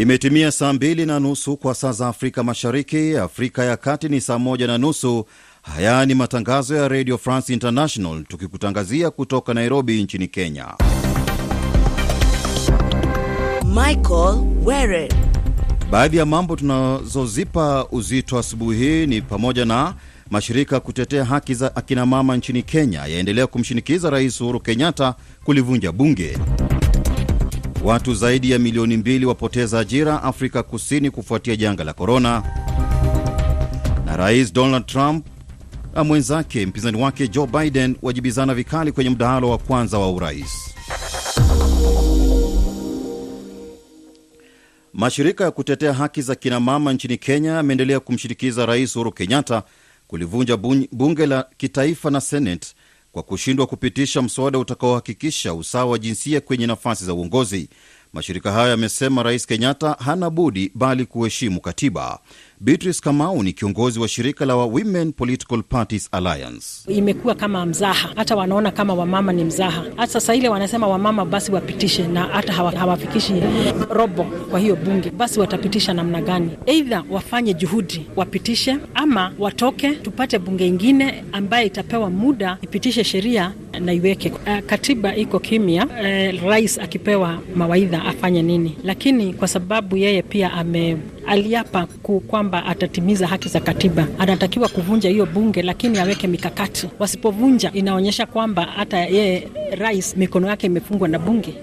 Imetimia saa mbili na nusu kwa saa za Afrika Mashariki, Afrika ya Kati ni saa moja na nusu. Haya ni matangazo ya Radio France International tukikutangazia kutoka Nairobi nchini Kenya. Baadhi ya mambo tunazozipa uzito asubuhi hii ni pamoja na mashirika kutetea haki za akinamama nchini Kenya yaendelea kumshinikiza Rais Uhuru Kenyatta kulivunja bunge. Watu zaidi ya milioni mbili wapoteza ajira Afrika Kusini kufuatia janga la korona. Na Rais Donald Trump na mwenzake mpinzani wake Joe Biden wajibizana vikali kwenye mdahalo wa kwanza wa urais. Mashirika ya kutetea haki za kinamama nchini Kenya yameendelea kumshinikiza Rais Uhuru Kenyatta kulivunja bunge la kitaifa na Senate kwa kushindwa kupitisha mswada utakaohakikisha usawa wa jinsia kwenye nafasi za uongozi. Mashirika hayo yamesema Rais Kenyatta hana budi bali kuheshimu katiba. Beatrice Kamau ni kiongozi wa shirika la wa Women Political Parties Alliance. Imekuwa kama mzaha, hata wanaona kama wamama ni mzaha. Hata sasa ile wanasema wamama basi wapitishe, na hata hawafikishi robo kwa hiyo bunge, basi watapitisha namna gani? Eidha wafanye juhudi wapitishe, ama watoke, tupate bunge ingine ambaye itapewa muda ipitishe sheria na iweke eh, katiba. Iko kimya, eh, rais akipewa mawaidha afanye nini, lakini kwa sababu yeye pia ame aliapa kwa kwamba atatimiza haki za katiba. Anatakiwa kuvunja hiyo bunge, lakini aweke mikakati. Wasipovunja inaonyesha kwamba hata yeye rais mikono yake imefungwa na bunge.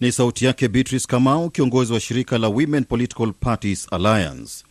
Ni sauti yake Beatrice Kamau, kiongozi wa shirika la Women Political Parties Alliance.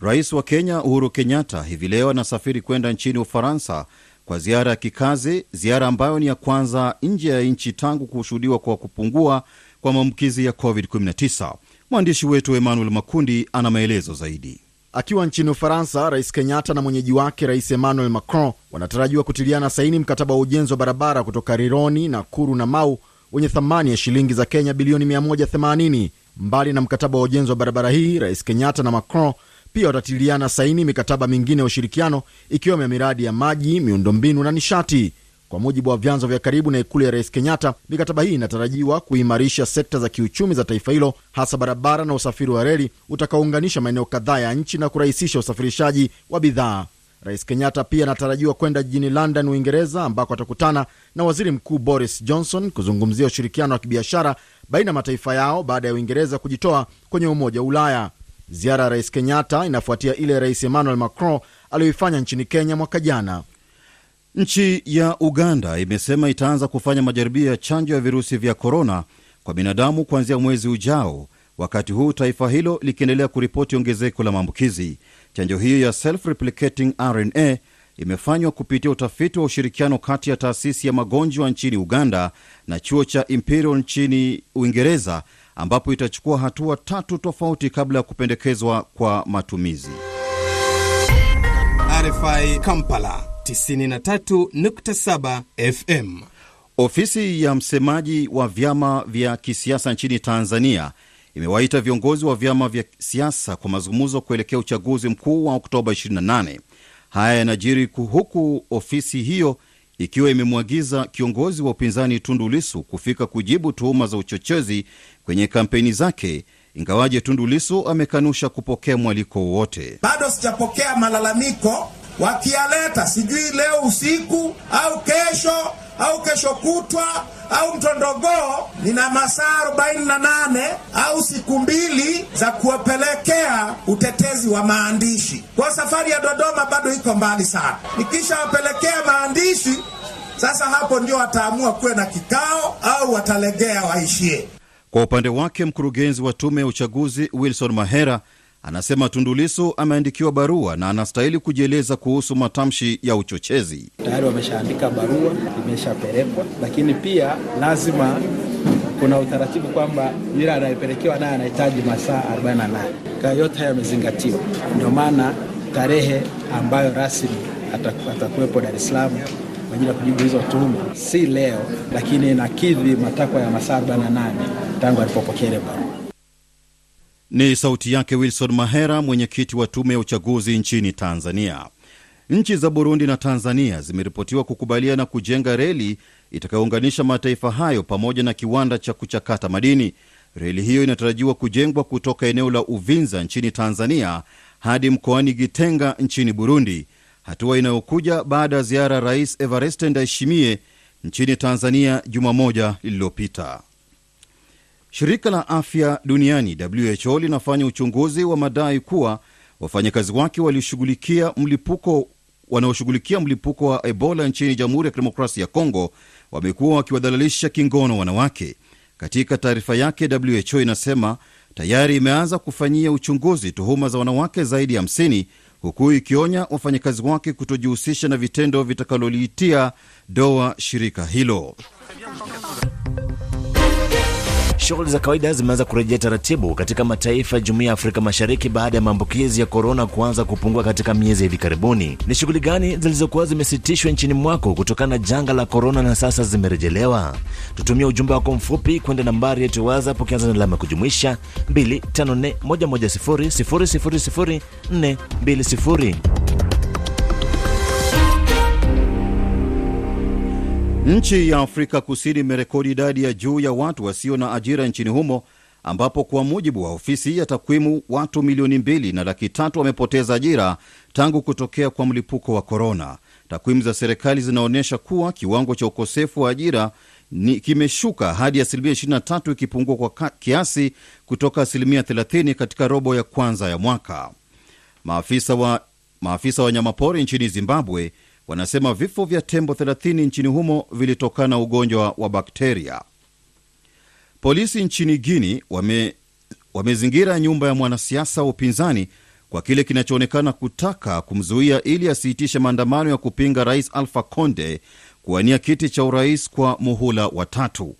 Rais wa Kenya Uhuru Kenyatta hivi leo anasafiri kwenda nchini Ufaransa kwa ziara ya kikazi, ziara ambayo ni ya kwanza nje ya nchi tangu kushuhudiwa kwa kupungua kwa maambukizi ya COVID-19. Mwandishi wetu Emmanuel Makundi ana maelezo zaidi. Akiwa nchini Ufaransa, Rais Kenyatta na mwenyeji wake Rais Emmanuel Macron wanatarajiwa kutiliana saini mkataba wa ujenzi wa barabara kutoka Rironi, Nakuru na Mau wenye thamani ya shilingi za Kenya bilioni 180. Mbali na mkataba wa ujenzi wa barabara hii, Rais Kenyatta na Macron pia watatiliana saini mikataba mingine ya ushirikiano ikiwemo ya miradi ya maji, miundombinu na nishati. Kwa mujibu wa vyanzo vya karibu na ikulu ya rais Kenyatta, mikataba hii inatarajiwa kuimarisha sekta za kiuchumi za taifa hilo, hasa barabara na usafiri wa reli utakaounganisha maeneo kadhaa ya nchi na kurahisisha usafirishaji wa bidhaa. Rais Kenyatta pia anatarajiwa kwenda jijini London, Uingereza, ambako atakutana na waziri mkuu Boris Johnson kuzungumzia ushirikiano wa kibiashara baina ya mataifa yao baada ya Uingereza kujitoa kwenye Umoja wa Ulaya. Ziara ya Rais Kenyatta inafuatia ile Rais Emmanuel Macron aliyoifanya nchini Kenya mwaka jana. Nchi ya Uganda imesema itaanza kufanya majaribio ya chanjo ya virusi vya korona kwa binadamu kuanzia mwezi ujao, wakati huu taifa hilo likiendelea kuripoti ongezeko la maambukizi. Chanjo hiyo ya self-replicating RNA imefanywa kupitia utafiti wa ushirikiano kati ya taasisi ya magonjwa nchini Uganda na chuo cha Imperial nchini Uingereza, ambapo itachukua hatua tatu tofauti kabla ya kupendekezwa kwa matumizi. RFI Kampala 93.7 FM. Ofisi ya msemaji wa vyama vya kisiasa nchini Tanzania imewaita viongozi wa vyama vya siasa kwa mazungumzo kuelekea uchaguzi mkuu wa Oktoba 28. Haya yanajiri huku ofisi hiyo ikiwa imemwagiza kiongozi wa upinzani Tundu Lisu kufika kujibu tuhuma za uchochezi kwenye kampeni zake, ingawaje Tundu Lisu amekanusha kupokea mwaliko wowote. Bado sijapokea malalamiko wakiyaleta, sijui leo usiku au kesho au kesho kutwa au mtondogoo, nina masaa 48 au siku mbili za kuwapelekea utetezi wa maandishi, kwa safari ya Dodoma bado iko mbali sana. Nikishawapelekea maandishi sasa, hapo ndio wataamua kuwe na kikao au watalegea waishie. Kwa upande wake, mkurugenzi wa tume ya uchaguzi Wilson Mahera anasema Tundulisu ameandikiwa barua na anastahili kujieleza kuhusu matamshi ya uchochezi. Tayari wameshaandika barua, imeshapelekwa, lakini pia lazima kuna utaratibu kwamba yule anayepelekewa naye anahitaji masaa 48. Kaa yote haya yamezingatiwa, ndio maana tarehe ambayo rasmi atakuwepo Dar es Salaam kwa ajili ya kujibu hizo tuhuma si leo, lakini inakidhi matakwa ya masaa 48 tangu alipopokea ile barua. Ni sauti yake Wilson Mahera, mwenyekiti wa tume ya uchaguzi nchini Tanzania. Nchi za Burundi na Tanzania zimeripotiwa kukubaliana kujenga reli itakayounganisha mataifa hayo pamoja na kiwanda cha kuchakata madini. Reli hiyo inatarajiwa kujengwa kutoka eneo la Uvinza nchini Tanzania hadi mkoani Gitenga nchini Burundi, hatua inayokuja baada ya ziara ya Rais Evariste Ndayishimiye nchini Tanzania juma moja lililopita. Shirika la afya duniani WHO linafanya uchunguzi wa madai kuwa wafanyakazi wake walioshughulikia mlipuko wanaoshughulikia mlipuko wa Ebola nchini Jamhuri ya Kidemokrasia ya Kongo wamekuwa wakiwadhalalisha kingono wanawake. Katika taarifa yake, WHO inasema tayari imeanza kufanyia uchunguzi tuhuma za wanawake zaidi ya 50 huku ikionya wafanyakazi wake kutojihusisha na vitendo vitakaloliitia doa shirika hilo. Shughuli za kawaida zimeanza kurejea taratibu katika mataifa ya Jumuiya ya Afrika Mashariki baada ya maambukizi ya korona kuanza kupungua katika miezi ya hivi karibuni. Ni shughuli gani zilizokuwa zimesitishwa nchini mwako kutokana na janga la korona na sasa zimerejelewa? Tutumia ujumbe wako mfupi kwenda nambari yetu WhatsApp ukianza na alama kujumuisha 2541100000420. Nchi ya Afrika Kusini imerekodi idadi ya juu ya watu wasio na ajira nchini humo, ambapo kwa mujibu wa ofisi ya takwimu watu milioni mbili na laki tatu wamepoteza ajira tangu kutokea kwa mlipuko wa korona. Takwimu za serikali zinaonyesha kuwa kiwango cha ukosefu wa ajira ni kimeshuka hadi asilimia 23 ikipungua kwa kiasi kutoka asilimia 30 katika robo ya kwanza ya mwaka. Maafisa wa maafisa wa wanyamapori nchini Zimbabwe wanasema vifo vya tembo 30 nchini humo vilitokana na ugonjwa wa bakteria. Polisi nchini Guini wame, wamezingira nyumba ya mwanasiasa wa upinzani kwa kile kinachoonekana kutaka kumzuia ili asiitishe maandamano ya kupinga rais Alfa Conde kuwania kiti cha urais kwa muhula wa tatu.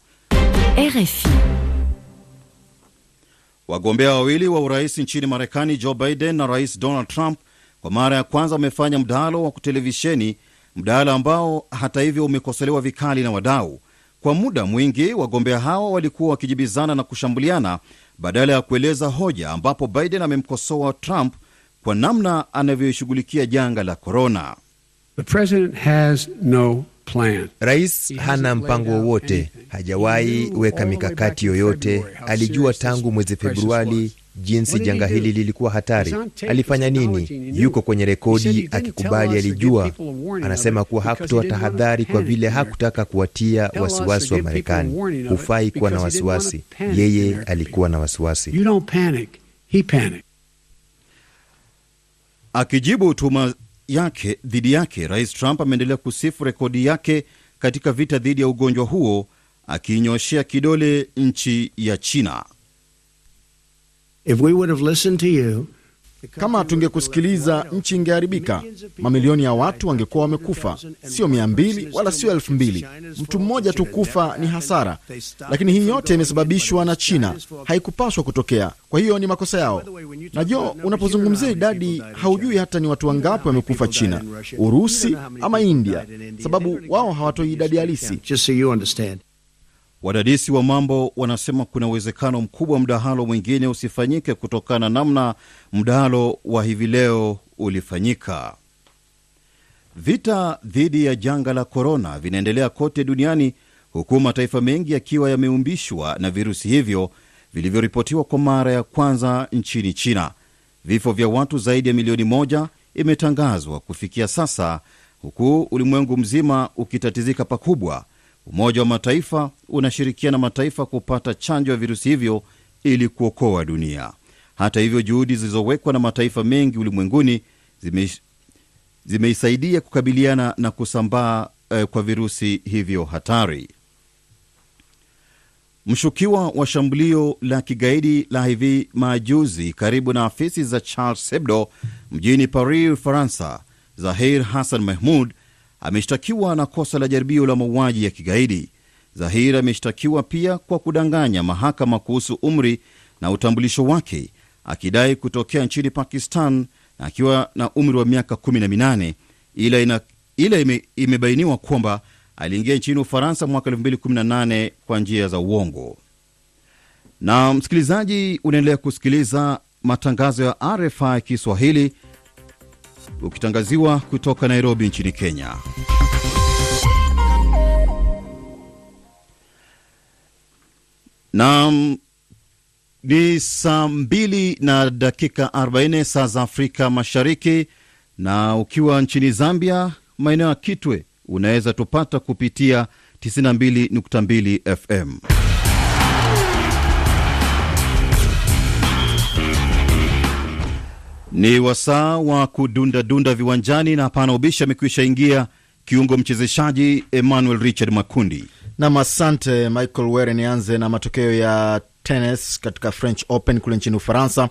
Wagombea wawili wa urais nchini Marekani, Joe Biden na rais Donald Trump kwa mara ya kwanza wamefanya mdahalo wa kutelevisheni, mdahalo ambao hata hivyo umekosolewa vikali na wadau. Kwa muda mwingi wagombea hawa walikuwa wakijibizana na kushambuliana badala ya kueleza hoja, ambapo Biden amemkosoa Trump kwa namna anavyoshughulikia janga la korona. rais hana mpango wowote, hajawahi weka mikakati yoyote. Alijua tangu mwezi Februari jinsi janga hili lilikuwa hatari. Alifanya nini? Yuko kwenye rekodi akikubali alijua. Anasema kuwa hakutoa tahadhari kwa vile hakutaka kuwatia wasiwasi wa Marekani. Hufai kuwa na wasiwasi. Yeye alikuwa na wasiwasi. Akijibu hutuma yake dhidi yake, Rais Trump ameendelea kusifu rekodi yake katika vita dhidi ya ugonjwa huo, akiinyoshea kidole nchi ya China. If we would have listened to you, kama tungekusikiliza nchi ingeharibika. Mamilioni ya watu wangekuwa wamekufa, sio mia mbili wala sio elfu mbili. Mtu mmoja tu kufa ni hasara, lakini hii yote imesababishwa na China, haikupaswa kutokea. Kwa hiyo ni makosa yao. Najua unapozungumzia idadi haujui hata ni watu wangapi wamekufa China, Urusi ama India, sababu wao hawatoi idadi halisi. Wadadisi wa mambo wanasema kuna uwezekano mkubwa mdahalo mwingine usifanyike kutokana namna mdahalo wa hivi leo ulifanyika. Vita dhidi ya janga la korona vinaendelea kote duniani, huku mataifa mengi yakiwa yameumbishwa na virusi hivyo vilivyoripotiwa kwa mara ya kwanza nchini China. Vifo vya watu zaidi ya milioni moja imetangazwa kufikia sasa, huku ulimwengu mzima ukitatizika pakubwa Umoja wa Mataifa unashirikiana mataifa kupata chanjo ya virusi hivyo ili kuokoa dunia. Hata hivyo, juhudi zilizowekwa na mataifa mengi ulimwenguni zimeisaidia zime kukabiliana na kusambaa eh, kwa virusi hivyo hatari. Mshukiwa wa shambulio la kigaidi la hivi majuzi karibu na afisi za Charles Hebdo mjini Paris, Ufaransa, Zahir Hassan Mahmud ameshtakiwa na kosa la jaribio la mauaji ya kigaidi. Zahir ameshtakiwa pia kwa kudanganya mahakama kuhusu umri na utambulisho wake, akidai kutokea nchini Pakistan na akiwa na umri wa miaka 18 ila, ina, ila ime, imebainiwa kwamba aliingia nchini Ufaransa mwaka 2018 kwa njia za uongo. Na msikilizaji, unaendelea kusikiliza matangazo ya RFI Kiswahili ukitangaziwa kutoka Nairobi nchini Kenya. Na ni saa mbili na dakika 40 saa za Afrika Mashariki, na ukiwa nchini Zambia, maeneo ya Kitwe unaweza tupata kupitia 92.2 FM. Ni wasaa wa kudundadunda viwanjani na hapana ubishi. Amekwisha ingia kiungo mchezeshaji Emmanuel Richard Makundi. Nam, asante Michael Were. Nianze na matokeo ya tennis katika French Open kule nchini Ufaransa.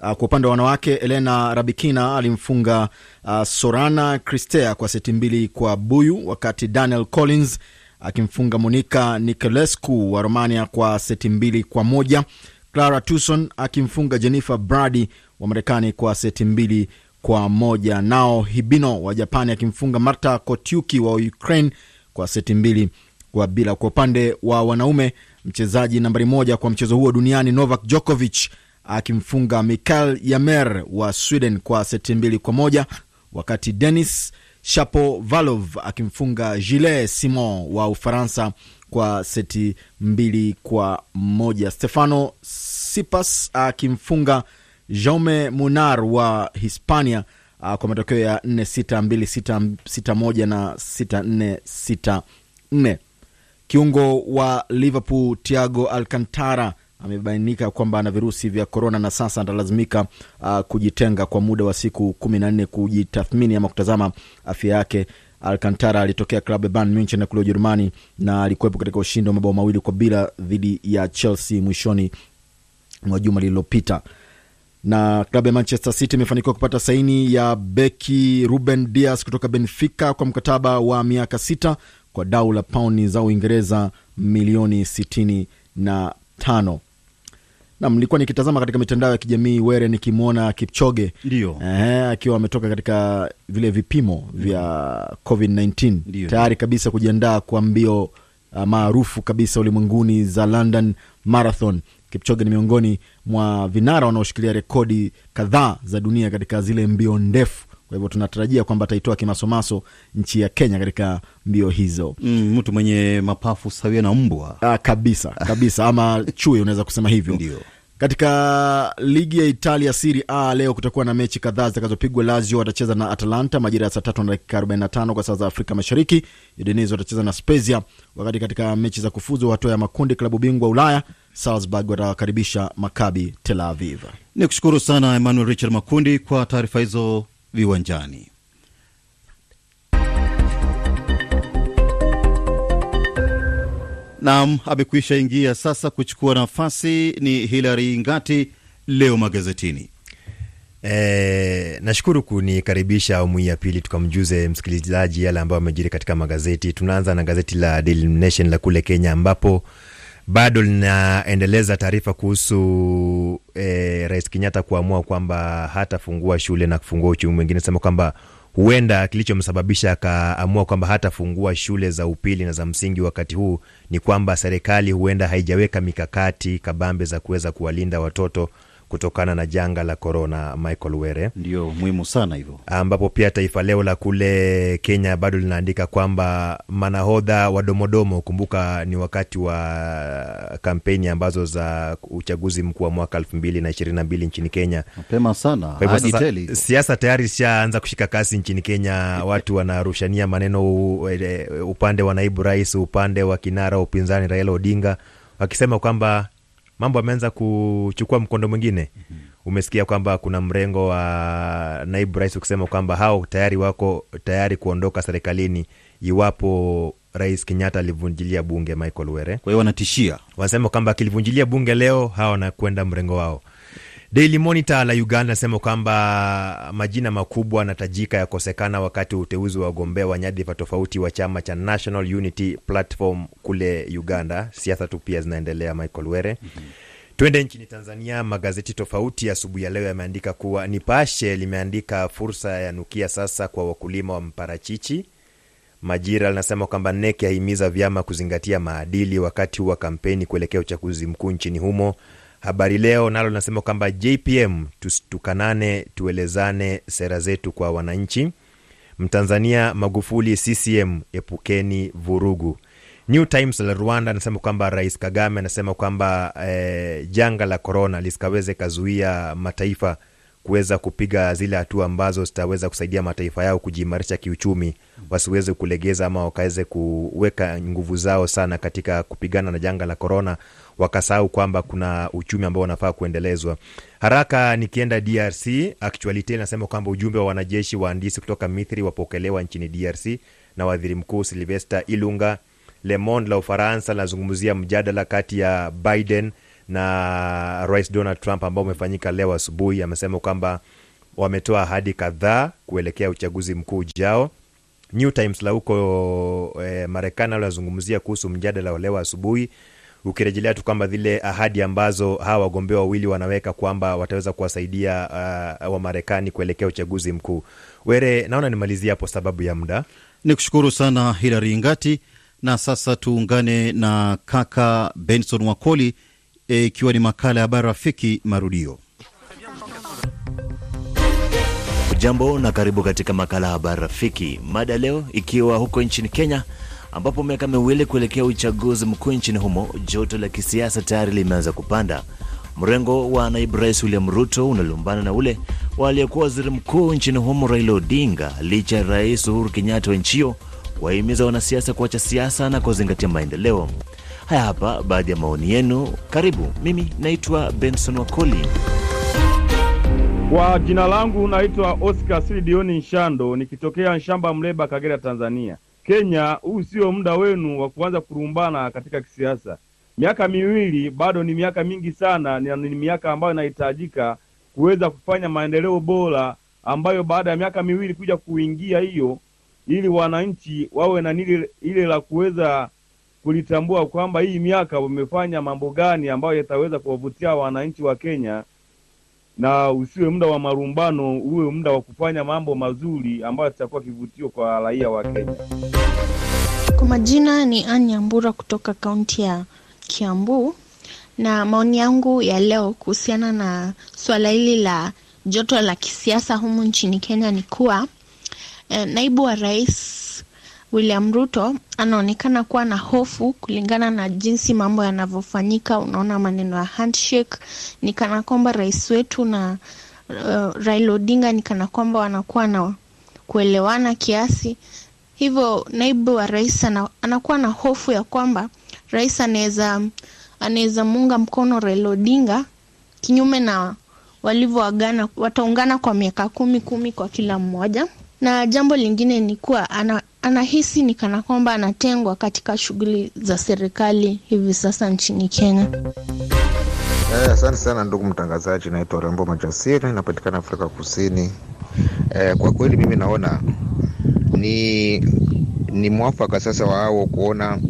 Ah, kwa upande wa wanawake, Elena Rabikina alimfunga uh, Sorana Cristea kwa seti mbili kwa buyu, wakati Daniel Collins akimfunga Monica Nicolescu wa Romania kwa seti mbili kwa moja. Clara Tuson akimfunga Jennifer Brady wa Marekani kwa seti mbili kwa moja, nao Hibino wa Japani akimfunga Marta Kotiuki wa Ukraine kwa seti mbili kwa bila. Kwa upande wa wanaume, mchezaji nambari moja kwa mchezo huo duniani Novak Djokovic akimfunga Mikael Yamer wa Sweden kwa seti mbili kwa moja, wakati Denis Shapovalov akimfunga Gilles Simon wa Ufaransa kwa seti mbili kwa moja. Stefano Sipas akimfunga Jaume Munar wa Hispania uh, kwa matokeo ya 4-6, 2-6, 6-1 na 6-4, 6-4. Kiungo wa Liverpool Thiago Alcantara amebainika kwamba ana virusi vya korona na sasa atalazimika uh, kujitenga kwa muda wa siku kumi na nne kujitathmini ama kutazama afya yake. Alcantara alitokea klabu ya Bayern Munich na kule Ujerumani na alikuwepo katika ushindi wa mabao mawili kwa bila dhidi ya Chelsea mwishoni mwa juma lililopita na klabu ya Manchester City imefanikiwa kupata saini ya beki Ruben Dias kutoka Benfica kwa mkataba wa miaka sita kwa dau la pauni za Uingereza milioni 65. Nam, nilikuwa nikitazama katika mitandao ya kijamii Were, nikimwona Kipchoge akiwa ametoka katika vile vipimo vya COVID-19 tayari kabisa kujiandaa kwa mbio ah, maarufu kabisa ulimwenguni za London Marathon Kipchoge ni miongoni mwa vinara wanaoshikilia rekodi kadhaa za dunia katika zile mbio ndefu kwa hivyo tunatarajia kwamba ataitoa kimasomaso nchi ya Kenya katika mbio hizo. Mm, mtu mwenye mapafu sawia na mbwa. Ah, kabisa kabisa ama chui unaweza kusema hivyo. Ndiyo. Katika ligi ya Italia Serie A leo kutakuwa na mechi kadhaa zitakazopigwa. Lazio watacheza na Atalanta majira ya saa tatu na dakika 45 kwa saa za Afrika Mashariki. Udinese watacheza na Spezia, wakati katika mechi za kufuzu hatua ya makundi klabu bingwa Ulaya Salzburg watawakaribisha Makabi Tel Aviv. Ni kushukuru sana Emmanuel Richard Makundi kwa taarifa hizo viwanjani. Naam, amekwisha ingia sasa kuchukua nafasi ni Hilary Ngati, leo magazetini. E, nashukuru kunikaribisha awamu hii ya pili, tukamjuze msikilizaji yale ambayo amejiri katika magazeti. Tunaanza na gazeti la Daily Nation la kule Kenya ambapo bado linaendeleza taarifa kuhusu e, Rais Kenyatta kuamua kwamba hatafungua shule na kufungua uchumi mwingine, sema kwamba huenda kilichomsababisha akaamua kwamba hatafungua shule za upili na za msingi wakati huu ni kwamba serikali huenda haijaweka mikakati kabambe za kuweza kuwalinda watoto kutokana na janga la korona, Michael Were. Ndio muhimu sana hivyo, ambapo pia Taifa Leo la kule Kenya bado linaandika kwamba manahodha wa domodomo, kumbuka ni wakati wa kampeni ambazo za uchaguzi mkuu wa mwaka elfu mbili na ishirini na mbili nchini Kenya, mapema sana. siasa tayari ishaanza kushika kasi nchini Kenya, watu wanarushania maneno e, e, upande wa naibu rais, upande wa kinara wa upinzani Raila Odinga wakisema kwamba mambo ameanza kuchukua mkondo mwingine mm -hmm. Umesikia kwamba kuna mrengo wa naibu rais ukisema kwamba hao tayari wako tayari kuondoka serikalini iwapo Rais Kenyatta alivunjilia bunge Michael Were. Kwa hiyo wanatishia, wanasema kwamba akilivunjilia bunge leo hawa wanakwenda mrengo wao. Daily Monitor la Uganda nasema kwamba majina makubwa na tajika yakosekana wakati wa uteuzi wa wagombea wa nyadhifa tofauti wa chama cha National Unity Platform kule Uganda. Siasa tu pia zinaendelea, Michael Were. mm -hmm. Twende nchini Tanzania. Magazeti tofauti asubuhi ya, ya leo yameandika kuwa, Nipashe limeandika fursa ya nukia sasa kwa wakulima wa mparachichi. Majira linasema kwamba NEC yahimiza vyama kuzingatia maadili wakati wa kampeni kuelekea uchaguzi mkuu nchini humo. Habari Leo nalo linasema kwamba JPM tukanane, tuelezane sera zetu kwa wananchi. Mtanzania Magufuli CCM, epukeni vurugu. New Times la Rwanda anasema kwamba Rais Kagame anasema kwamba eh, janga la korona lisikaweze kazuia mataifa kuweza kupiga zile hatua ambazo zitaweza kusaidia mataifa yao kujiimarisha kiuchumi, wasiweze kulegeza ama wakaweze kuweka nguvu zao sana katika kupigana na janga la korona, wakasahau kwamba kuna uchumi ambao wanafaa kuendelezwa haraka. Nikienda DRC, Actualite inasema kwamba ujumbe wa wanajeshi wahandisi kutoka Misri wapokelewa nchini DRC na waziri mkuu Silvester Ilunga. Le Monde la Ufaransa linazungumzia mjadala kati ya Biden na Rais Donald Trump ambao umefanyika leo asubuhi. Amesema kwamba wametoa ahadi kadhaa kuelekea uchaguzi mkuu ujao. New Times la huko eh, Marekani linazungumzia kuhusu mjadala wa leo asubuhi ukirejelea tu kwamba zile ahadi ambazo hawa wagombea wawili wanaweka kwamba wataweza kuwasaidia uh, Wamarekani kuelekea uchaguzi mkuu. Were, naona nimalizia hapo sababu ya muda. Ni kushukuru sana hilary Ngati, na sasa tuungane na kaka Benson Wakoli eh, ikiwa e, ni makala ya Habari Rafiki marudio. Jambo na karibu katika makala ya Habari Rafiki. Mada leo ikiwa huko nchini Kenya ambapo miaka miwili kuelekea uchaguzi mkuu nchini humo, joto la kisiasa tayari limeanza kupanda. Mrengo wa naibu rais William Ruto unalumbana na ule wa aliyekuwa waziri mkuu nchini humo Raila Odinga, licha ya rais Uhuru Kenyatta wa nchi hiyo wahimiza wanasiasa kuacha siasa na kuzingatia maendeleo. Haya hapa baadhi ya maoni yenu, karibu. Mimi naitwa Benson Wakoli. Kwa jina langu naitwa Oscar Silidioni Nshando, nikitokea Nshamba, Mleba, Kagera, Tanzania. Kenya, huu sio muda wenu wa kuanza kurumbana katika kisiasa. Miaka miwili bado ni miaka mingi sana, ni miaka ambayo inahitajika kuweza kufanya maendeleo bora, ambayo baada ya miaka miwili kuja kuingia hiyo, ili wananchi wawe na nili ile la kuweza kulitambua kwamba hii miaka wamefanya mambo gani ambayo yataweza kuwavutia wananchi wa Kenya na usiwe muda wa marumbano, uwe muda wa kufanya mambo mazuri ambayo yatakuwa kivutio kwa raia wa Kenya. Kwa majina ni Anyambura kutoka kaunti ya Kiambu, na maoni yangu ya leo kuhusiana na swala hili la joto la kisiasa humu nchini Kenya ni kuwa eh, naibu wa rais William Ruto anaonekana kuwa na hofu kulingana na jinsi mambo yanavyofanyika. Unaona maneno ya handshake ni kana kwamba rais wetu na uh, Raila Odinga ni kana kwamba wanakuwa na kuelewana kiasi hivyo. Naibu wa rais anakuwa na hofu ya kwamba rais anaweza anaweza muunga mkono Raila Odinga kinyume na walivyoagana, wataungana kwa miaka kumi kumi kwa kila mmoja. Na jambo lingine ni kuwa ana, anahisi ni kana kwamba anatengwa katika shughuli za serikali hivi sasa nchini Kenya. Eh, asante sana ndugu mtangazaji, naitwa Rembo Majasiri, napatikana Afrika Kusini. Eh, kwa kweli mimi naona ni ni mwafaka sasa wao kuona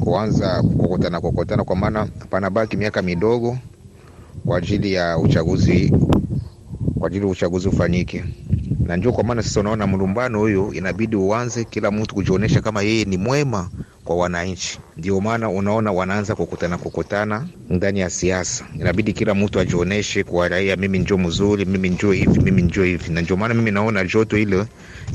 kuanza kukokotana kukokotana, kwa maana panabaki miaka midogo kwa ajili ya uchaguzi, kwa ajili uchaguzi ufanyike na njoo kwa maana sasa unaona mlumbano huyo inabidi uanze kila mtu kujionyesha kama yeye ni mwema kwa wananchi. Ndio maana unaona wanaanza kukutana kukutana ndani ya siasa, inabidi kila mtu ajioneshe kwa raia, mimi njoo mzuri, mimi njoo hivi, mimi njoo hivi. Na ndio maana mimi naona joto hilo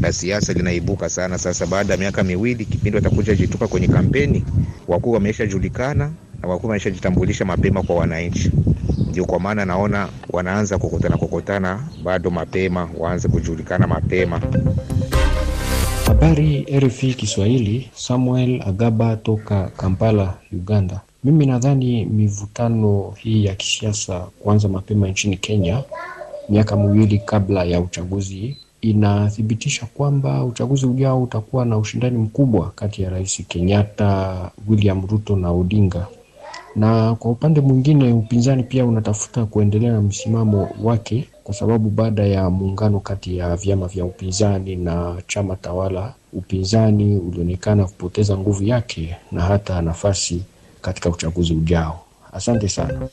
la siasa linaibuka sana sasa, baada ya miaka miwili, kipindi watakuja jituka kwenye kampeni, wakuu wameshajulikana na wakuu wameshajitambulisha mapema kwa wananchi. Ndio kwa maana naona wanaanza kukutana kukutana bado mapema, waanze kujulikana mapema. Habari rf Kiswahili, Samuel Agaba toka Kampala, Uganda. Mimi nadhani mivutano hii ya kisiasa kuanza mapema nchini Kenya miaka miwili kabla ya uchaguzi inathibitisha kwamba uchaguzi ujao utakuwa na ushindani mkubwa kati ya Rais Kenyatta, William Ruto na Odinga na kwa upande mwingine upinzani pia unatafuta kuendelea na msimamo wake, kwa sababu baada ya muungano kati ya vyama vya upinzani na chama tawala, upinzani ulionekana kupoteza nguvu yake na hata nafasi katika uchaguzi ujao. Asante sana.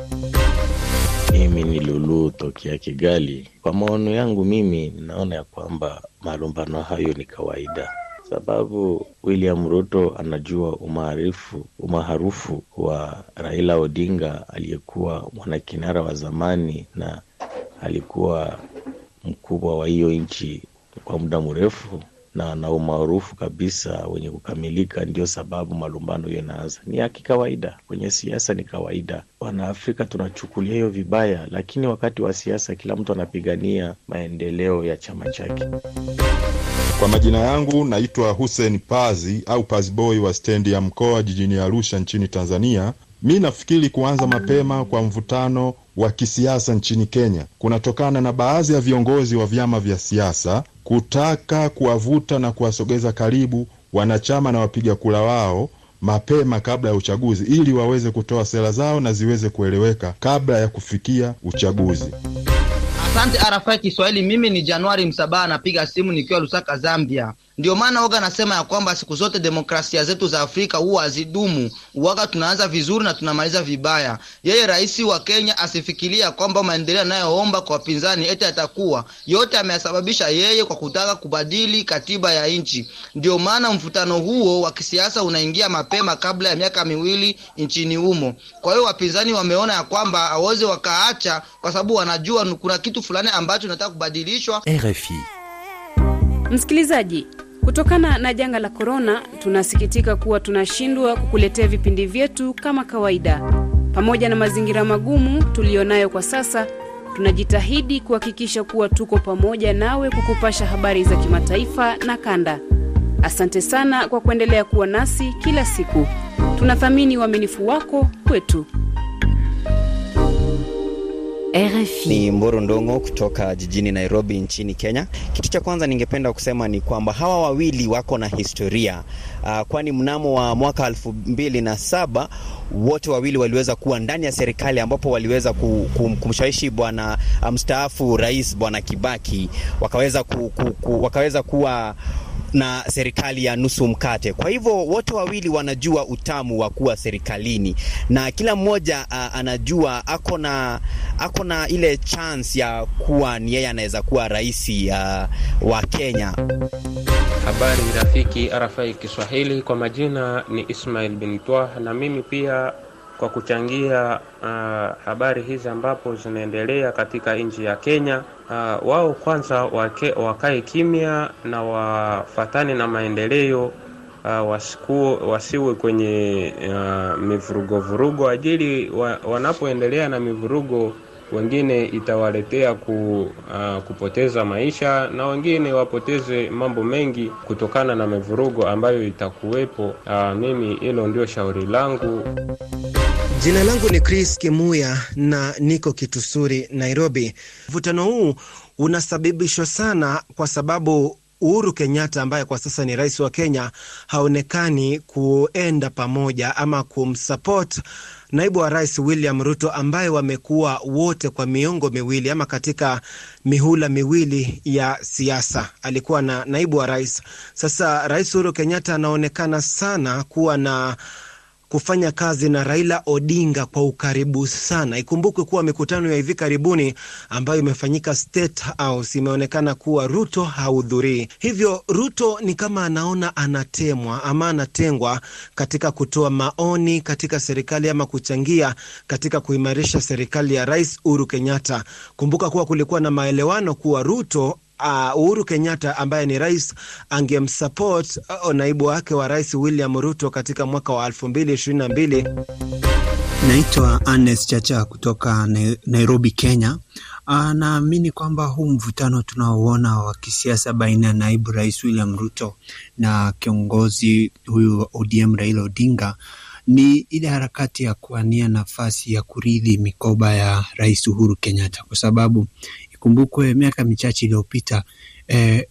Mimi ni Lulu tokea Kigali. Kwa maono yangu mimi, ninaona ya kwamba malumbano hayo ni kawaida sababu William Ruto anajua umaarufu umaarufu wa Raila Odinga aliyekuwa mwanakinara wa zamani na alikuwa mkubwa wa hiyo nchi kwa muda mrefu na, na umaarufu kabisa wenye kukamilika. Ndio sababu malumbano hiyo inaanza, ni ya kikawaida kwenye siasa, ni kawaida. Wanaafrika tunachukulia hiyo vibaya, lakini wakati wa siasa kila mtu anapigania maendeleo ya chama chake. Kwa majina yangu naitwa Hussein Pazi au Pazboy wa stendi ya mkoa jijini Arusha nchini Tanzania. Mi nafikiri kuanza mapema kwa mvutano wa kisiasa nchini Kenya kunatokana na baadhi ya viongozi wa vyama vya siasa kutaka kuwavuta na kuwasogeza karibu wanachama na wapiga kura wao mapema kabla ya uchaguzi ili waweze kutoa sera zao na ziweze kueleweka kabla ya kufikia uchaguzi. Asante RFI Kiswahili. Mimi ni Januari Msabaha, napiga simu nikiwa Lusaka, Zambia. Ndio maana waga anasema ya kwamba siku zote demokrasia zetu za Afrika huwa hazidumu, waga tunaanza vizuri na tunamaliza vibaya. Yeye rais wa Kenya asifikiria kwamba maendeleo anayoomba kwa wapinzani eti atakuwa yote ameyasababisha yeye kwa kutaka kubadili katiba ya nchi. Ndio maana mvutano huo wa kisiasa unaingia mapema kabla ya miaka miwili nchini humo. Kwa hiyo wapinzani wameona ya kwamba aweze wakaacha, kwa sababu wanajua kuna kitu fulani ambacho inataka kubadilishwa. RFI Msikilizaji, kutokana na janga la korona, tunasikitika kuwa tunashindwa kukuletea vipindi vyetu kama kawaida. Pamoja na mazingira magumu tuliyonayo kwa sasa, tunajitahidi kuhakikisha kuwa tuko pamoja nawe kukupasha habari za kimataifa na kanda. Asante sana kwa kuendelea kuwa nasi kila siku. Tunathamini uaminifu wako kwetu. RFI. Ni Mboro Ndongo kutoka jijini Nairobi nchini Kenya. Kitu cha kwanza ningependa kusema ni kwamba hawa wawili wako na historia uh, kwani mnamo wa mwaka elfu mbili na saba wote wawili waliweza kuwa ndani ya serikali ambapo waliweza kumshawishi bwana ah, mstaafu rais bwana Kibaki wakaweza, ku, ku, ku, wakaweza kuwa na serikali ya nusu mkate. Kwa hivyo wote wawili wanajua utamu wa kuwa serikalini na kila mmoja uh, anajua ako na ako na ile chance ya kuwa ni yeye anaweza kuwa rais uh, wa Kenya. Habari rafiki RFI Kiswahili, kwa majina ni Ismail bin Twah, na mimi pia kwa kuchangia uh, habari hizi ambapo zinaendelea katika nchi ya Kenya uh, wao kwanza wake, wakae kimya na wafatane na maendeleo uh, wasiku, wasiwe kwenye uh, mivurugo vurugo, ajili wa, wanapoendelea na mivurugo wengine itawaletea ku, uh, kupoteza maisha na wengine wapoteze mambo mengi kutokana na mivurugo ambayo itakuwepo. Uh, mimi hilo ndio shauri langu. Jina langu ni Chris Kimuya na niko Kitusuri, Nairobi. Mvutano huu unasababishwa sana kwa sababu Uhuru Kenyatta ambaye kwa sasa ni rais wa Kenya haonekani kuenda pamoja ama kumsupport naibu wa rais William Ruto ambaye wamekuwa wote kwa miongo miwili ama katika mihula miwili ya siasa, alikuwa na naibu wa rais. Sasa rais Uhuru Kenyatta anaonekana sana kuwa na kufanya kazi na Raila Odinga kwa ukaribu sana. Ikumbukwe kuwa mikutano ya hivi karibuni ambayo imefanyika State House imeonekana kuwa Ruto hahudhurii, hivyo Ruto ni kama anaona anatemwa ama anatengwa katika kutoa maoni katika serikali ama kuchangia katika kuimarisha serikali ya Rais Uhuru Kenyatta. Kumbuka kuwa kulikuwa na maelewano kuwa Ruto uh, Uhuru Kenyatta ambaye ni rais angemsupport uh, naibu wake wa rais William Ruto katika mwaka wa 2022. Naitwa Anes Chacha kutoka Nairobi, Kenya. Uh, naamini kwamba huu mvutano tunaoona wa kisiasa baina ya naibu rais William Ruto na kiongozi huyu ODM Raila Odinga ni ile harakati ya kuania nafasi ya kurithi mikoba ya rais Uhuru Kenyatta, kwa sababu Ikumbukwe miaka michache iliyopita eh,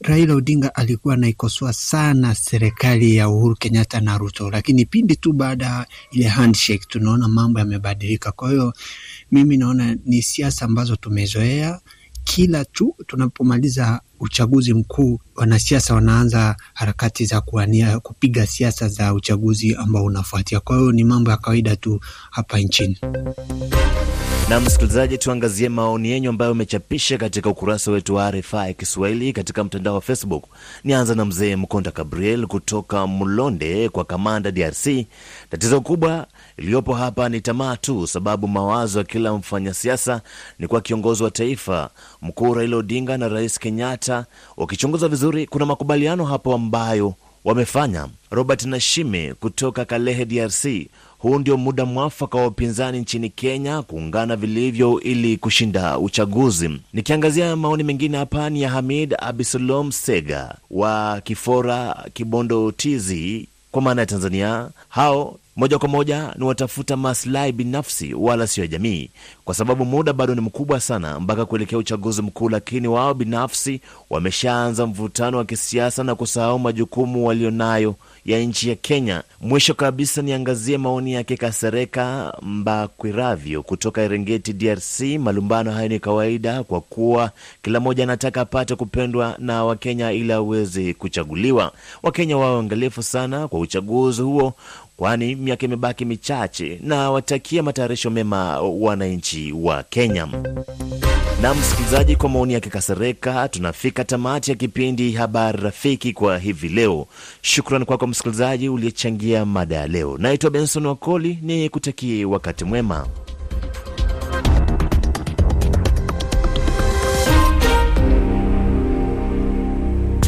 Raila Odinga alikuwa anaikosoa sana serikali ya Uhuru Kenyatta na Ruto, lakini pindi tu baada ile handshake tunaona mambo yamebadilika. Kwa hiyo mimi naona ni siasa ambazo tumezoea kila tu tunapomaliza uchaguzi mkuu, wanasiasa wanaanza harakati za kuania kupiga siasa za uchaguzi ambao unafuatia. Kwa hiyo ni mambo ya kawaida tu hapa nchini. Na msikilizaji, tuangazie maoni yenyu ambayo umechapisha katika ukurasa wetu wa RFI Kiswahili katika mtandao wa Facebook. Nianza na mzee Mkonda Gabriel kutoka Mlonde kwa Kamanda, DRC. Tatizo kubwa iliyopo hapa ni tamaa tu, sababu mawazo ya kila mfanyasiasa ni kwa kiongozi wa taifa mkuu Raila Odinga na Rais Kenyatta. Wakichunguza vizuri, kuna makubaliano hapo ambayo wamefanya. Robert Nashime kutoka Kalehe, DRC huu ndio muda mwafaka wa upinzani nchini Kenya kuungana vilivyo ili kushinda uchaguzi. Nikiangazia maoni mengine hapa ni ya Hamid Abisalom Sega wa Kifora, Kibondo, Tizi, kwa maana ya Tanzania. Hao moja kwa moja ni watafuta maslahi binafsi, wala sio ya jamii, kwa sababu muda bado ni mkubwa sana mpaka kuelekea uchaguzi mkuu, lakini wao binafsi wameshaanza mvutano wa kisiasa na kusahau majukumu walionayo ya nchi ya Kenya. Mwisho kabisa, niangazie maoni yake Kasereka Mbakwiravyo kutoka Erengeti, DRC. Malumbano hayo ni kawaida, kwa kuwa kila mmoja anataka apate kupendwa na Wakenya ili aweze kuchaguliwa. Wakenya wawe waangalifu sana kwa uchaguzi huo kwani miaka imebaki michache, na watakia matayarisho mema wananchi wa Kenya. Na msikilizaji, kwa maoni yake Kasereka, tunafika tamati ya kipindi Habari Rafiki kwa hivi leo. Shukrani kwako kwa msikilizaji uliyechangia mada ya leo. Naitwa Benson Wakoli, ni kutakie wakati mwema.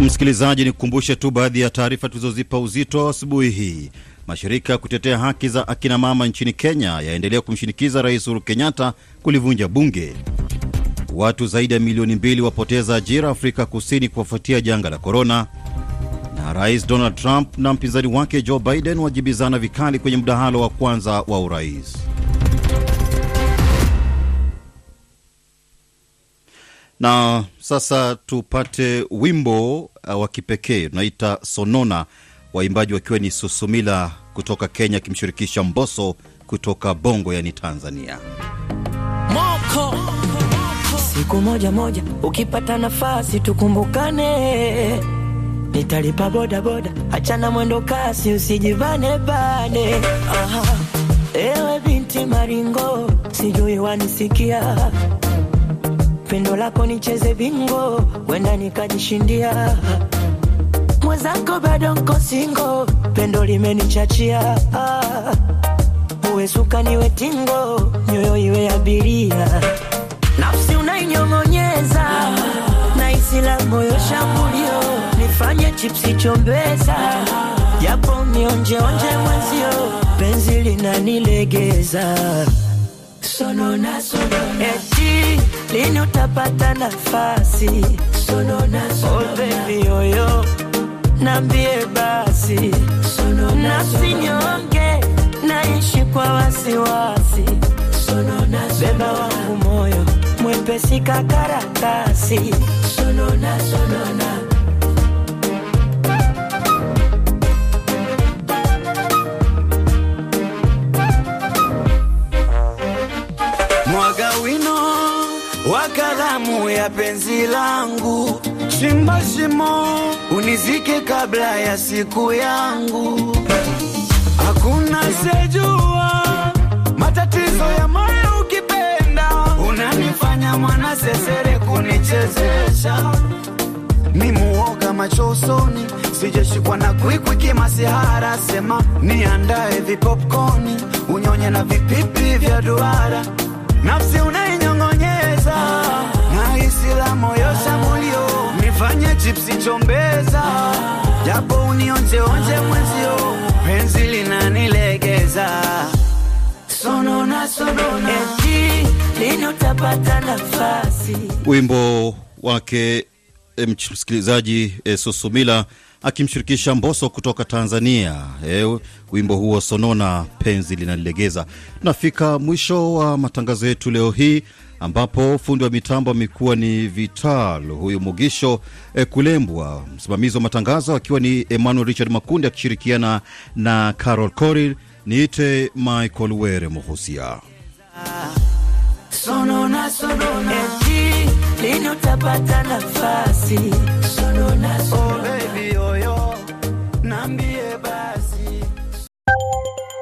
Msikilizaji, nikukumbushe tu baadhi ya taarifa tulizozipa uzito asubuhi hii. Mashirika ya kutetea haki za akina mama nchini Kenya yaendelea kumshinikiza Rais Uhuru Kenyatta kulivunja bunge. Watu zaidi ya milioni mbili wapoteza ajira Afrika Kusini kuwafuatia janga la korona. Na Rais Donald Trump na mpinzani wake Joe Biden wajibizana vikali kwenye mdahalo wa kwanza wa urais. Na sasa tupate wimbo uh, wa kipekee unaita Sonona, waimbaji wakiwa ni Susumila kutoka Kenya akimshirikisha Mboso kutoka Bongo yani Tanzania. Moko siku moja moja, ukipata nafasi tukumbukane, nitalipa bodaboda, achana mwendo kasi, usijivane bane. Aha, ewe binti maringo, sijui wanisikia pendo lako nicheze bingo, wenda nikajishindia mwenzako, bado nko singo, pendo limenichachia ah. Uwe suka niwe tingo, nyoyo iwe abiria, nafsi unainyong'onyeza ah. na isi la moyo shambulio, nifanye chipsi chombeza ah. japo mionjeonje mwenzio, penzi linanilegeza sonona sonona eh. Eti lini utapata nafasi? Sonona, sonona. Oh nambie basi. Sonona, na sinyonge, naishi kwa wasiwasi. Sonona, sonona. Beba wangu moyo, mwepesi kakaratasi. Sonona, sonona. wa ya penzi langu, shimba shimo unizike kabla ya siku yangu. Hakuna sejua matatizo ya moyo, ukipenda unanifanya mwana sesere kunichezesha ni muoga machosoni, sijeshikwa na kwikwi kimasihara, sema niandae vipopkoni unyonye na vipipi vya duara kunichombeza, japo unionze onze mwenzio, penzi linanilegeza sonona sonona, eti lini utapata nafasi. Wimbo wake eh, msikilizaji e, eh, Susumila akimshirikisha Mboso kutoka Tanzania. E, wimbo huo Sonona, penzi linalegeza. Nafika mwisho wa matangazo yetu leo hii ambapo fundi wa mitambo amekuwa ni Vital huyu Mugisho e, Kulembwa, msimamizi wa matangazo akiwa ni Emmanuel Richard Makundi akishirikiana na Carol cori Niite Michael Were Muhusia. Sonona, sonona. Eti, eh, lini utapata nafasi? Sonona, sonona. Oh, baby, oh, nambie ba